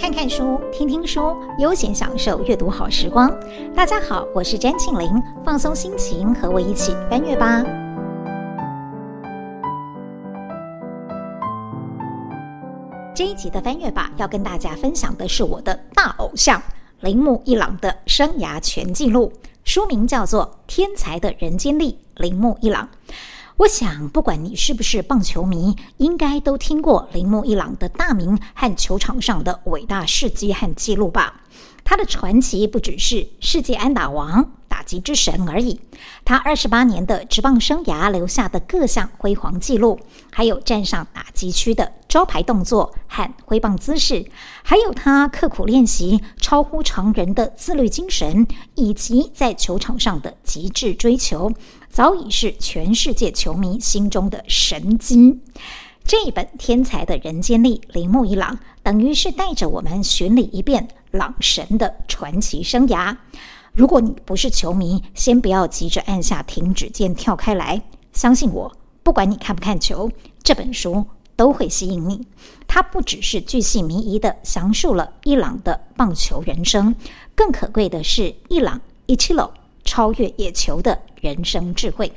看看書，聽聽書，悠閒享受閱讀好時光。大家好，我是詹慶玲，放鬆心情，和我一起翻閱吧。這一集的翻閱吧，要跟大家分享的是我的大偶像鈴木一朗的生涯全記錄，書名叫做《天才的人間力：鈴木一朗》。我想，不管你是不是棒球迷，應該都聽過鈴木一朗的大名和球場上的偉大事蹟和記錄吧？他的傳奇不只是世界安打王、打擊之神而已。他二十八年的職棒生涯留下的各項輝煌記錄，還有站上打擊區的招牌動作和揮棒姿勢，還有他刻苦練習、超乎常人的自律精神，以及在球場上的極致追求。早已是全世界球迷心中的神。經這一本天才的人間力，鈴木一朗，等於是帶着我們巡禮一遍朗神的傳奇生涯。如果你不是球迷，先不要急着按下停止鍵跳開來。相信我，不管你看不看球，這本書都會吸引你。它不只是巨細靡遺的詳述了一朗的棒球人生，更可貴的是一朗，一朗 Ichiro 超越野球的。人生智慧。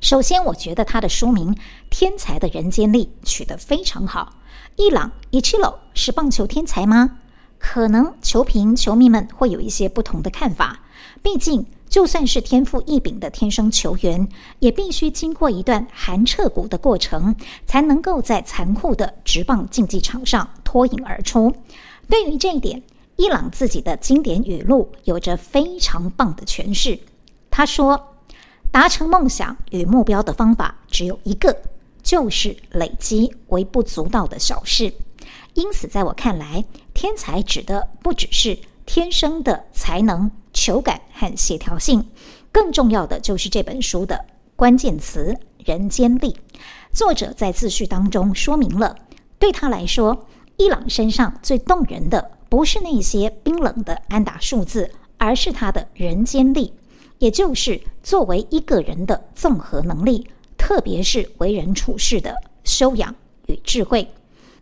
首先，我覺得他的書名《天才的人間力》取得非常好。一朗 Ichiro 是棒球天才嗎？可能球評球迷們會有一些不同的看法。畢竟，就算是天賦異稟的天生球員，也必須經過一段寒徹骨的過程，才能夠在殘酷的職棒競技場上脫穎而出。對於這一點，一朗自己的經典語錄有着非常棒的詮釋。他說：“達成夢想與目標的方法只有一個，就是累積微不足道的小事。因此，在我看來，天才指的不只是天生的才能、球感和協調性，更重要的就是這本書的關鍵詞——人間力。”作者在自序當中說明了，對他來說，一朗身上最動人的不是那些冰冷的安打數字，而是他的人間力。也就是作為一個人的綜合能力，特別是為人處事的修養與智慧。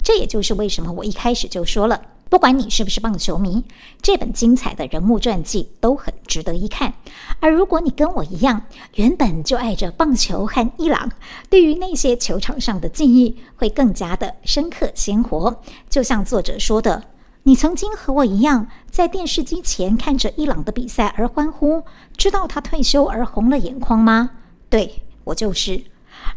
這也就是為什麼我一開始就說了，不管你是不是棒球迷，這本精彩的人物傳記都很值得一看。而如果你跟我一樣，原本就愛着棒球和一朗，對於那些球場上的記憶會更加的深刻鮮活。就像作者說的。你曾經和我一樣，在電視機前看着一朗的比賽而歡呼，知道他退休而紅了眼眶嗎？對，我就是。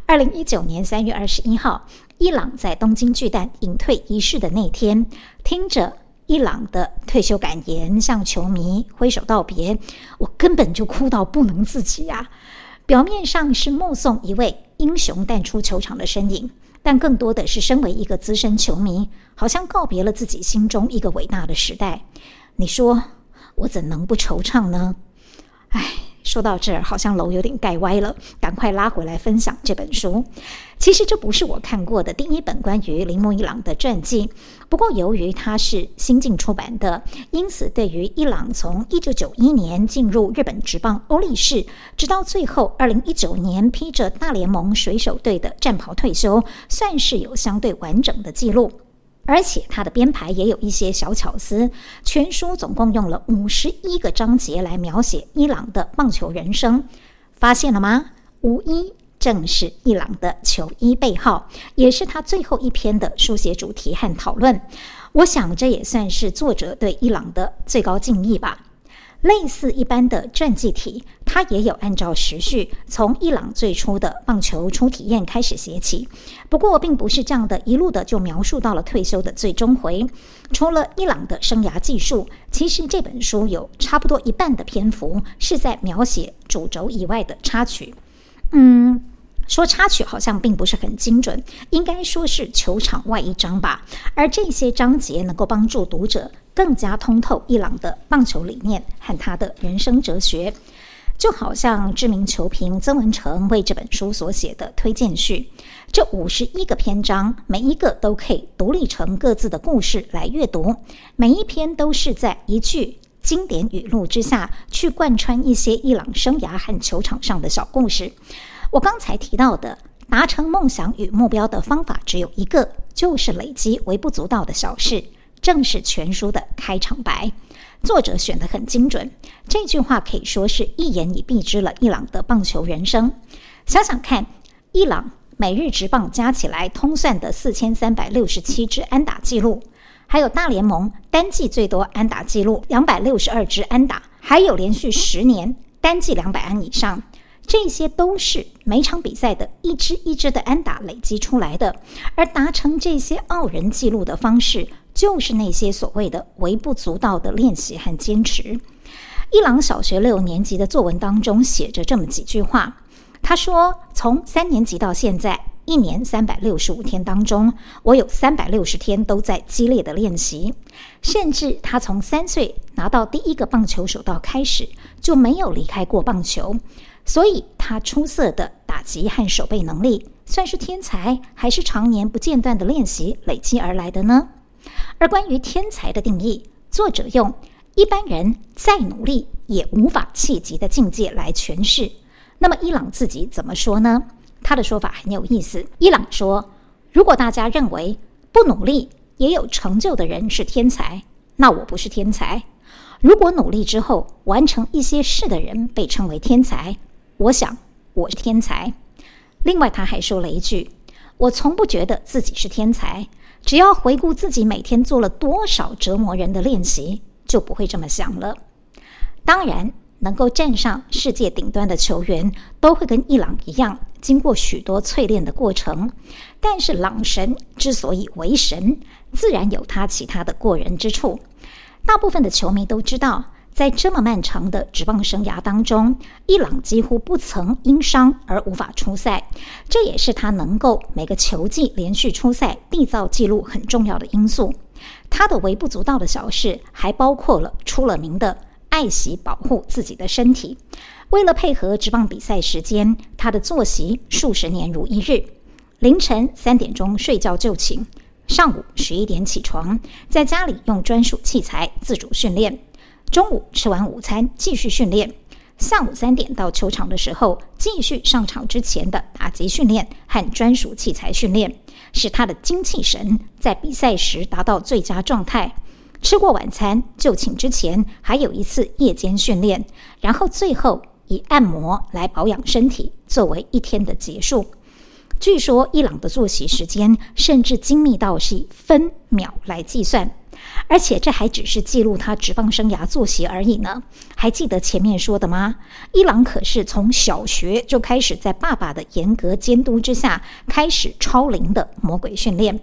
二零一九年三月二十一號，一朗在東京巨蛋引退儀式的那天，聽着一朗的退休感言，向球迷揮手道別，我根本就哭到不能自己啊。表面上是目送一位英雄淡出球場的身影。但更多的是，身為一個資深球迷，好像告別了自己心中一個偉大的時代。你說我怎能不惆悵呢？唉。說到這兒，好像樓有點蓋歪了，趕快拉回來分享這本書。其實這不是我看過的第一本關於鈴木一朗的傳記，不過由於它是新近出版的，因此對於一朗從1991年進入日本職棒歐力士，直到最後2019年披着大聯盟水手隊的戰袍退休，算是有相對完整的記錄。而且他的編排也有一些小巧思，全書總共用了五十一個章節來描寫一朗的棒球人生，發現了嗎？五一正是一朗的球衣背號，也是他最後一篇的書寫主題和討論。我想這也算是作者對一朗的最高敬意吧。類似一般的傳記體。他也有按照時序，從一朗最初的棒球初體驗開始寫起，不過並不是這樣的一路的就描述到了退休的最終回。除了一朗的生涯記述，其實這本書有差不多一半的篇幅是在描寫主軸以外的插曲。嗯，說插曲好像並不是很精準，應該說是球場外一章吧。而這些章節能夠幫助讀者更加通透一朗的棒球理念和他的人生哲學。就好像知名球評曾文誠為這本書所寫的推薦序，這五十一個篇章，每一個都可以獨立成各自的故事來閱讀，每一篇都是在一句經典語錄之下去貫穿一些一朗生涯和球場上的小故事。我剛才提到的，達成夢想與目標的方法只有一個，就是累積微不足道的小事。正是全書的開場白，作者選的很精準。這句話可以說是一言以蔽之了一朗的棒球人生。想想看，一朗美日職棒加起來通算的四千三百六十七支安打記錄，還有大聯盟單季最多安打記錄兩百六十二支安打，還有連續十年單季兩百安以上，這些都是每場比賽的一支一支的安打累積出來的。而達成這些傲人記錄的方式，就是那些所謂的微不足道的練習和堅持。一朗小學六年級的作文當中寫着這麼幾句話。他說：“從三年級到現在，一年三百六十五天當中，我有三百六十天都在激烈的練習。甚至他從三歲拿到第一個棒球手套開始，就沒有離開過棒球。所以，他出色的打擊和守備能力，算是天才，還是常年不間斷的練習累積而來的呢？”而關於天才的定義，作者用一般人再努力也無法企及的境界來詮釋。那麼一朗自己怎麼說呢？他的說法很有意思。一朗說：“如果大家認為不努力也有成就的人是天才，那我不是天才；如果努力之後完成一些事的人被稱為天才，我想我是天才。”另外他還說了一句：“我從不覺得自己是天才。”只要回顧自己每天做了多少折磨人的練習，就不會這麼想了。當然，能夠站上世界頂端的球員，都會跟一朗一樣，經過許多淬鍊的過程。但是，朗神之所以為神，自然有他其他的過人之處。大部分的球迷都知道。在這麼漫長的職棒生涯當中，一朗幾乎不曾因傷而無法出賽，這也是他能夠每個球季連續出賽、締造紀錄很重要的因素。他的微不足道的小事還包括了出了名的愛惜保護自己的身體。為了配合職棒比賽時間，他的作息數十年如一日：凌晨三點鐘睡覺就寢，上午十一點起床，在家裡用專屬器材自主訓練。中午吃完午餐，繼續訓練。下午三點到球場的時候，繼續上場之前的打擊訓練和專屬器材訓練，使他的精氣神在比賽時達到最佳狀態。吃過晚餐就寢之前，還有一次夜間訓練，然後最後以按摩來保養身體，作為一天的結束。據說一朗的作息時間甚至精密到是以分秒來計算。而且這還只是記錄他職棒生涯作息而已呢。還記得前面說的嗎？一朗可是從小學就開始在爸爸的嚴格監督之下，開始超齡的魔鬼訓練。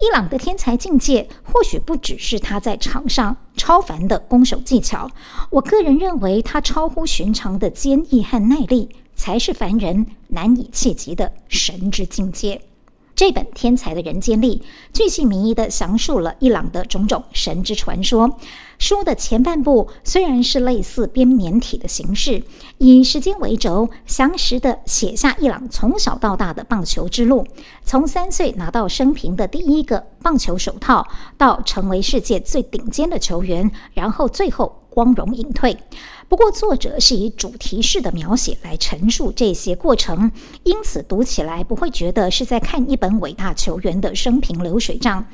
一朗的天才境界，或許不只是他在場上超凡的攻守技巧。我個人認為，他超乎尋常的堅毅和耐力，才是凡人難以企及的神之境界。這本《天才的人間力》巨細靡遺的詳述了一朗的種種神之傳說。書的前半部雖然是類似編年體的形式，以時間為軸，詳實的寫下一朗從小到大的棒球之路，從三歲拿到生平的第一個棒球手套，到成為世界最頂尖的球員，然後最後。光榮隱退。不過，作者是以主題式的描寫來陳述這些過程，因此讀起來不會覺得是在看一本偉大球員的生平流水賬，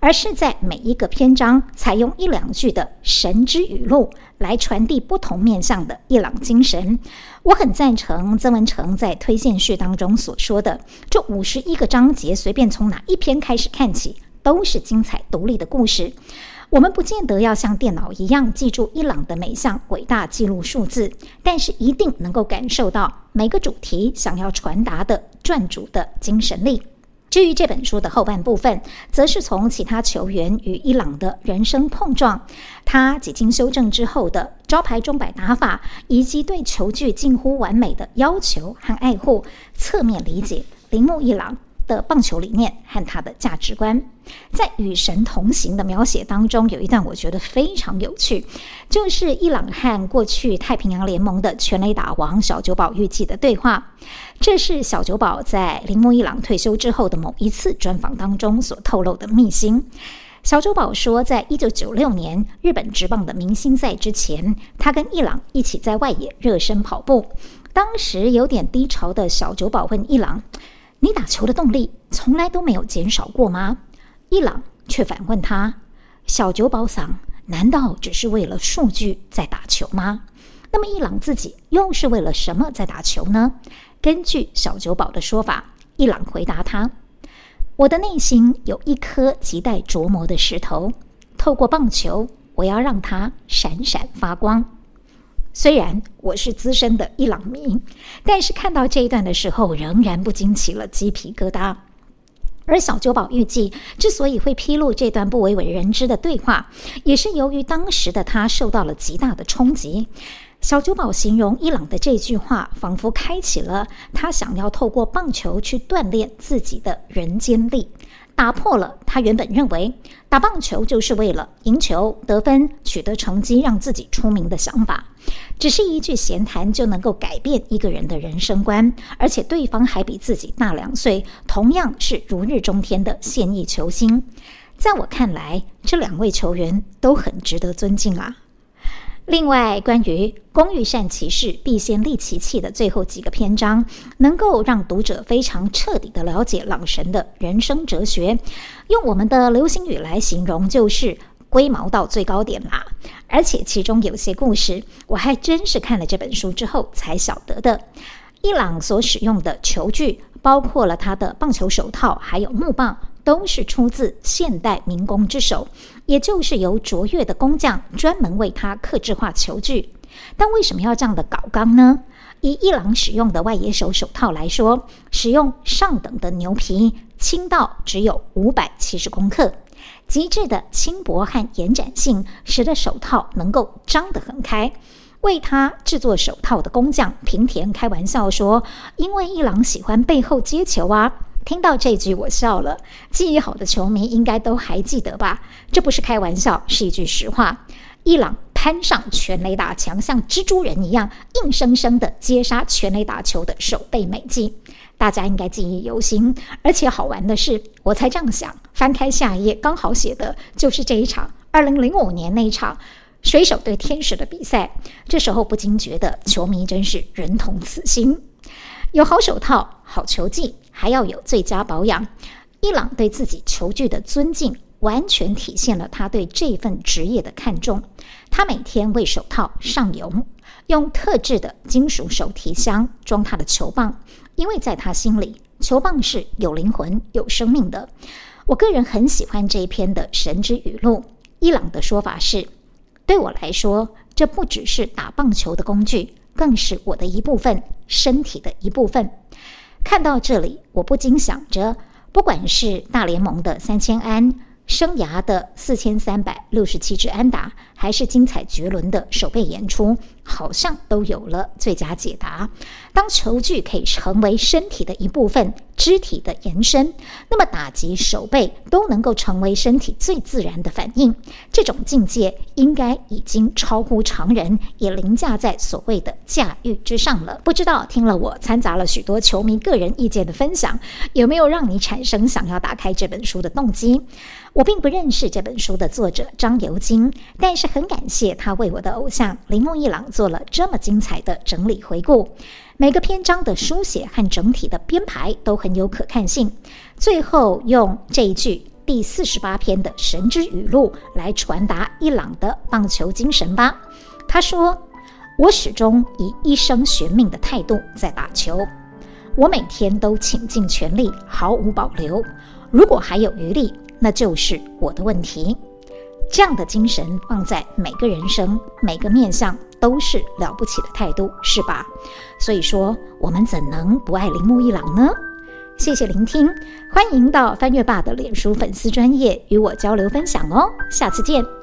而是在每一個篇章採用一兩句的神之語錄來傳遞不同面向的一朗精神。我很贊成曾文成在推薦序當中所說的，這五十一個章節隨便從哪一篇開始看起，都是精彩獨立的故事。我們不見得要像電腦一樣記住一朗的每項偉大紀錄數字，但是一定能夠感受到每個主題想要傳達的專注的精神力。至於這本書的後半部分，則是從其他球員與一朗的人生碰撞，他幾經修正之後的招牌鐘擺打法，以及對球具近乎完美的要求和愛護，側面理解鈴木一朗的棒球理念和他的價值觀，在與神同行的描寫當中，有一段我覺得非常有趣，就是一朗和過去太平洋聯盟的全壘打王小久保裕紀的對話。這是小久保在鈴木一朗退休之後的某一次專訪當中所透露的秘辛。小久保說在，在一九九六年日本職棒的明星賽之前，他跟一朗一起在外野熱身跑步。當時有點低潮的小久保問一朗，你打球的動力從來都沒有減少過嗎？一朗卻反問他：“小久保桑，難道只是為了數據在打球嗎？”那麼一朗自己又是為了什麼在打球呢？根據小久保的說法，一朗回答他：“我的內心有一顆亟待琢磨的石頭，透過棒球，我要讓它閃閃發光。”雖然我是資深的一朗迷，但是看到這一段的時候，仍然不禁起了雞皮疙瘩。而小久保裕紀，之所以會披露這段不為外人知的對話，也是由於當時的他受到了極大的衝擊。小久保形容一朗的這句話，仿佛開啟了他想要透過棒球去鍛鍊自己的人間力，打破了他原本認為。打棒球就是為了贏球、得分、取得成績，讓自己出名的想法，只是一句閒談就能夠改變一個人的人生觀，而且對方還比自己大兩歲，同樣是如日中天的現役球星。在我看來，這兩位球員都很值得尊敬啊。另外，關於“工欲善其事，必先利其器”的最後幾個篇章，能夠讓讀者非常徹底地了解朗神的人生哲學。用我們的流行語來形容，就是“龜毛到最高點、啊”啦。而且，其中有些故事，我還真是看了這本書之後才曉得的。一朗所使用的球具，包括了他的棒球手套，還有木棒。都是出自現代民工之手，也就是由卓越的工匠專門為他客製化球具。但為什麼要這樣的搞剛呢？以一朗使用的外野手手套來說，使用上等的牛皮，輕到只有五百七十公克，極致的輕薄和延展性，使得手套能夠張得很開。為他製作手套的工匠平田開玩笑說：“因為一朗喜歡背後接球啊。”聽到這句，我笑了。記憶好的球迷應該都還記得吧？這不是開玩笑，是一句實話。一朗攀上全壘打牆，像蜘蛛人一樣硬生生地接殺全壘打球的守備美技，大家應該記憶猶新。而且好玩的是，我才這樣想，翻開下一頁，剛好寫的就是這一場二零零五年那一場水手對天使的比賽。這時候不禁覺得，球迷真是人同此心，有好手套，好球技。還要有最佳保養。一朗對自己球具的尊敬，完全體現了他對這份職業的看重。他每天為手套上油，用特制的金屬手提箱裝他的球棒，因為在他心裡，球棒是有靈魂、有生命的。我個人很喜歡這一篇的神之語錄。一朗的說法是：對我來說，這不只是打棒球的工具，更是我的一部分，身體的一部分。看到這裡，我不禁想着，不管是大聯盟的三千安，生涯的四千三百六十七支安打，還是精彩絕倫的守備演出，好像都有了最佳解答。當球具可以成為身體的一部分。肢體的延伸，那麼打擊手背都能夠成為身體最自然的反應。這種境界應該已經超乎常人，也凌駕在所謂的駕馭之上了。不知道聽了我摻雜了許多球迷個人意見的分享，有沒有讓你產生想要打開這本書的動機？我並不認識這本書的作者張尤金，但是很感謝他為我的偶像鈴木一朗做了這麼精彩的整理回顧。每個篇章的書寫和整體的編排都很有可看性。最後用這一句第四十八篇的神之語錄來傳達一朗的棒球精神吧。他說：“我始終以一生懸命的態度在打球，我每天都傾盡全力，毫無保留。如果還有餘力。”那就是我的問題，這樣的精神放在每個人生、每個面向都是了不起的態度，是吧？所以說，我們怎能不愛鈴木一郎呢？謝謝聆聽，歡迎到翻閱 bar 的臉書粉絲專業與我交流分享哦，下次見。